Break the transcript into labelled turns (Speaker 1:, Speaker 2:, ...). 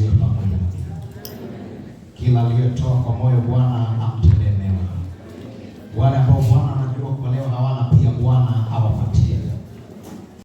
Speaker 1: mapenzi ya pamoja. Kila aliyetoa kwa moyo Bwana